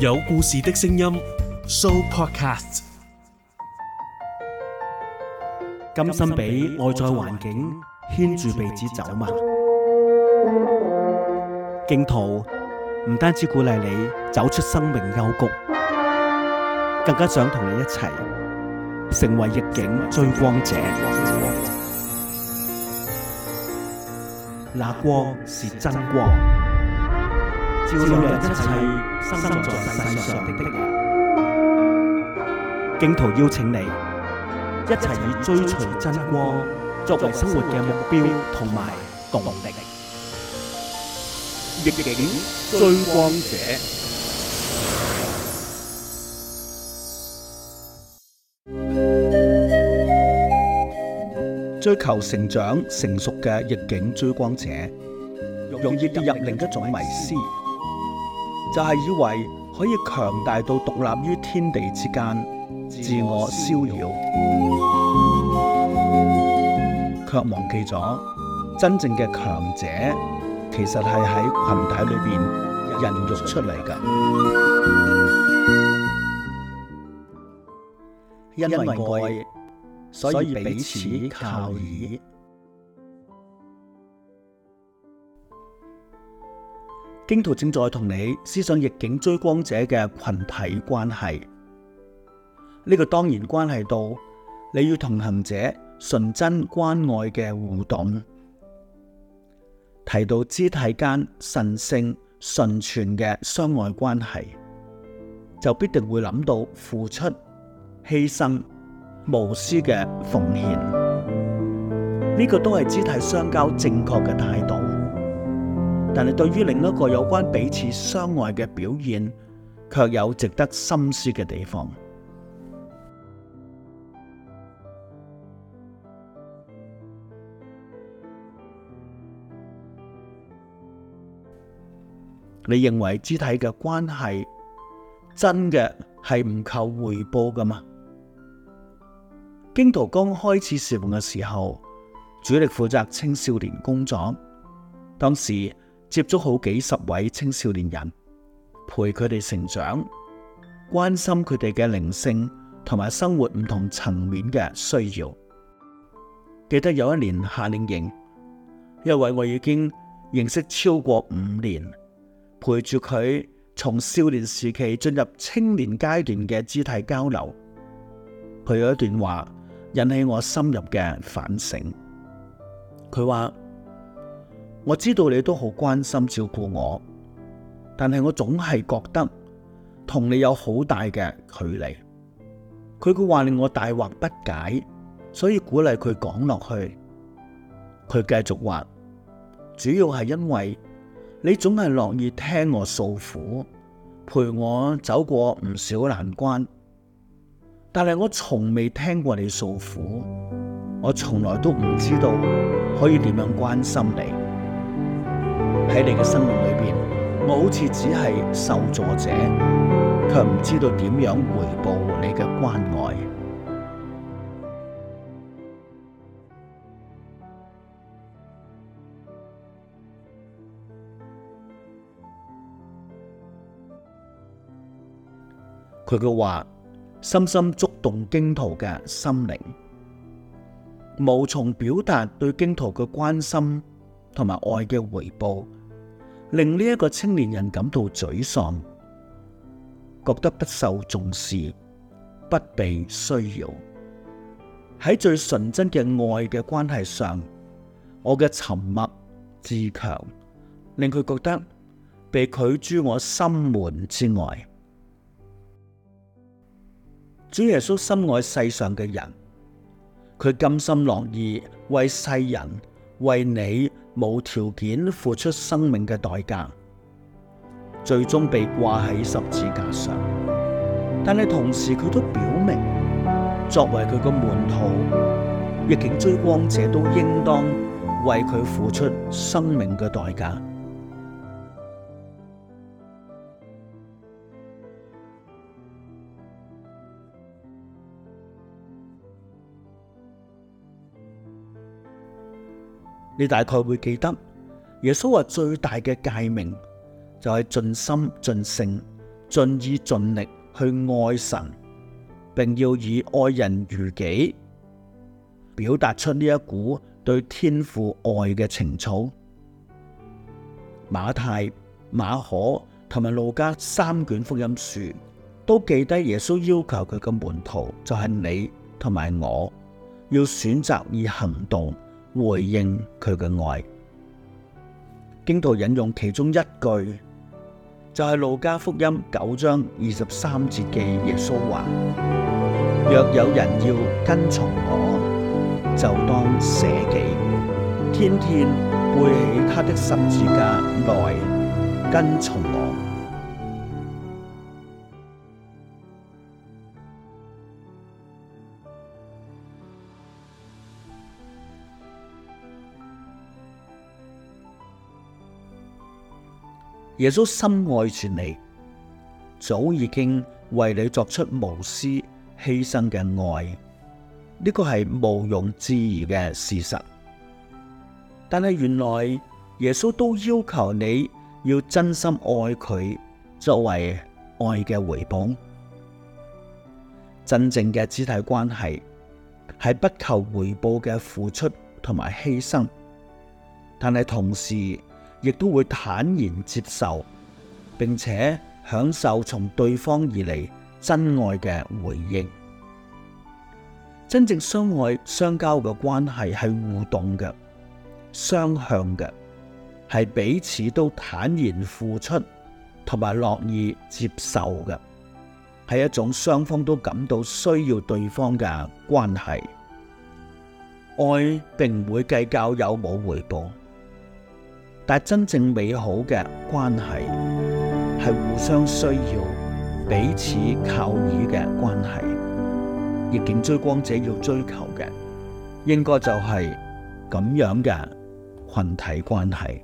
有故事的聲音，Sooopodcast。甘心俾外在環境牽住鼻子走嗎？荊徒唔單止鼓勵你走出生命幽谷，更加想同你一齊成為逆境追光者。那光是真光。照亮一切生在世上的的人，荊徒邀請你一齊以追隨真光作為生活嘅目標同埋動力。逆境追光者，追求成長成熟嘅逆境追光者，容易跌入另一種迷思。就係、是、以為可以強大到獨立於天地之間，自我逍遙，我逍遙卻忘記咗真正嘅強者其實係喺群體裏邊孕育出嚟噶。因為愛，所以彼此靠倚。荊徒正在同你思想逆境追光者嘅群體關係，呢個當然關係到你與同行者純真關愛嘅互動。提到肢體間神聖純全嘅相愛關係，就必定會諗到付出、犧牲、無私嘅奉獻。呢個都係肢體相交正確嘅態度。但係對於另一個有關彼此相愛嘅表現，卻有值得深思嘅地方。你認為肢體嘅關係真嘅係唔求回報噶嘛？荊徒剛開始使用嘅時候，主力負責青少年工作，當時。接觸好幾十位青少年人，陪佢哋成長，關心佢哋嘅靈性同埋生活唔同層面嘅需要。記得有一年夏令營，一位我已經認識超過五年，陪住佢從少年時期進入青年階段嘅肢體交流，佢有一段話引起我深入嘅反省。佢話。我知道你都好關心照顧我，但係我總係覺得同你有好大嘅距離。佢嘅話令我大惑不解，所以鼓勵佢講落去。佢繼續話，主要係因為你總係樂意聽我訴苦，陪我走過唔少難關。但係我從未聽過你訴苦，我從來都唔知道可以點樣關心你。喺你嘅生活裏邊，我好似只係受助者，卻唔知道點樣回報你嘅關愛。佢嘅話深深觸動荊徒嘅心靈，無從表達對荊徒嘅關心同埋愛嘅回報。令呢一個青年人感到沮喪，覺得不受重視、不被需要。喺最純真嘅愛嘅關係上，我嘅沉默、自強，令佢覺得被拒諸我心門之外。主耶穌深愛世上嘅人，佢甘心樂意為世人，為你無條件付出生命嘅代價，最終被掛喺十字架上。但係同時佢都表明，作為佢個門徒，逆境追光者都應當為佢付出生命嘅代價。你大概會記得，耶穌話最大嘅誡命就係盡心、盡性、盡意、盡力去愛神，並要以愛人如己，表達出呢一股對天父愛嘅情操。馬太、馬可同埋路加三卷福音書都記低耶穌要求佢嘅門徒就係你同埋我，要選擇以行動。回應佢嘅愛，荊徒引用其中一句，就係路加福音九章二十三節嘅耶穌話：若有人要跟從我，就當捨己，天天背起他的十字架來跟從我。耶穌深愛住你，早已經為你作出無私犧牲嘅愛，呢、這個係毋庸置疑嘅事實。但係原來耶穌都要求你要真心愛佢，作為愛嘅回報。真正嘅肢體關係係不求回報嘅付出同埋犧牲，但係同時。亦都會坦然接受，並且享受從對方而嚟真愛嘅回應。真正相愛相交嘅關係係互動嘅、雙向嘅，係彼此都坦然付出同埋樂意接受嘅，係一種雙方都感到需要對方嘅關係。愛並唔會計較有冇回報。但真正美好嘅關係，係互相需要、彼此靠倚嘅關係，逆境追光者要追求嘅，應該就係咁樣嘅群體關係。